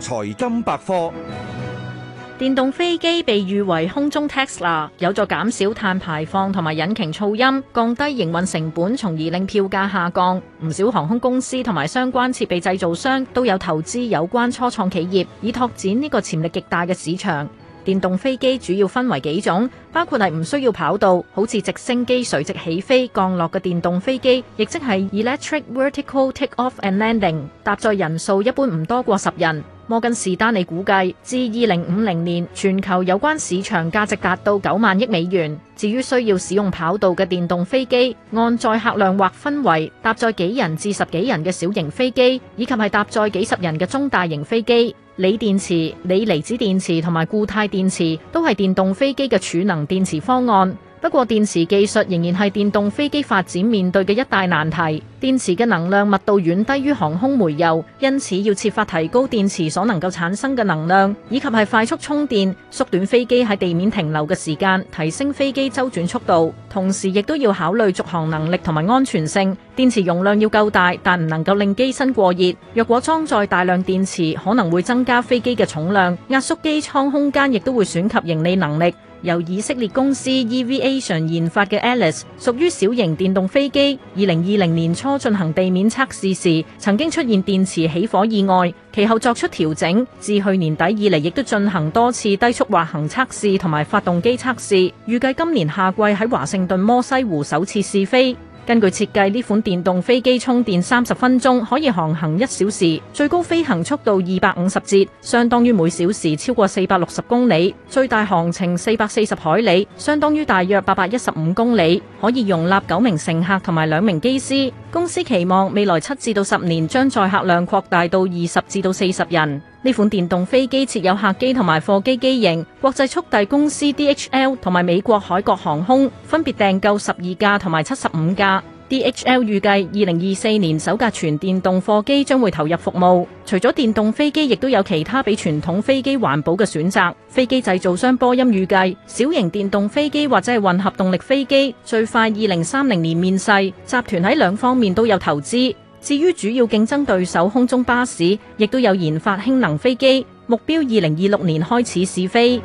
財金百科：電動飛機被譽為空中 Tesla，有助減少碳排放同埋引擎噪音，降低營運成本，從而令票價下降。唔少航空公司同埋相關設備製造商都有投資有關初創企業，以拓展呢個潛力極大嘅市場。電動飛機主要分為幾種，包括係唔需要跑道，好似直升機垂直起飛降落嘅電動飛機，亦即係 Electric Vertical Take-off and Landing，搭載人數一般唔多過十人。摩根士丹利估計，至二零五零年，全球有關市場價值達到九萬億美元。至於需要使用跑道嘅電動飛機，按載客量劃分為搭載幾人至十幾人嘅小型飛機，以及係搭載幾十人嘅中大型飛機。鋰電池、鋰離子電池同埋固態電池都係電動飛機嘅儲能電池方案。不過，電池技術仍然係電動飛機發展面對嘅一大難題。電池嘅能量密度遠低於航空煤油，因此要設法提高電池所能夠產生嘅能量，以及係快速充電，縮短飛機喺地面停留嘅時間，提升飛機周轉速度。同時，亦都要考慮續航能力同埋安全性。電池容量要夠大，但唔能夠令機身過熱。若果裝載大量電池，可能會增加飛機嘅重量，壓縮機艙空間，亦都會損及盈利能力。由以色列公司 e v a 上研發嘅 Alice 屬於小型電動飛機，二零二零年初進行地面測試時，曾經出現電池起火意外，其後作出調整。自去年底以嚟，亦都進行多次低速滑行測試同埋發動機測試，預計今年夏季喺華盛頓摩西湖首次試飛。根據設計，呢款電動飛機充電三十分鐘，可以航行一小時，最高飛行速度二百五十節，相當於每小時超過四百六十公里，最大航程四百四十海里，相當於大約八百一十五公里，可以容納九名乘客同埋兩名機師。公司期望未來七至到十年將載客量擴大到二十至到四十人。呢款電動飛機設有客機同埋貨機機型。國際速遞公司 DHL 同埋美國海國航空分別訂購十二架同埋七十五架。DHL 預計二零二四年首架全電動貨機將會投入服務。除咗電動飛機，亦都有其他比傳統飛機環保嘅選擇。飛機製造商波音預計小型電動飛機或者係混合動力飛機最快二零三零年面世。集團喺兩方面都有投資。至於主要競爭對手空中巴士，亦都有研發氫能飛機，目標二零二六年開始試飛。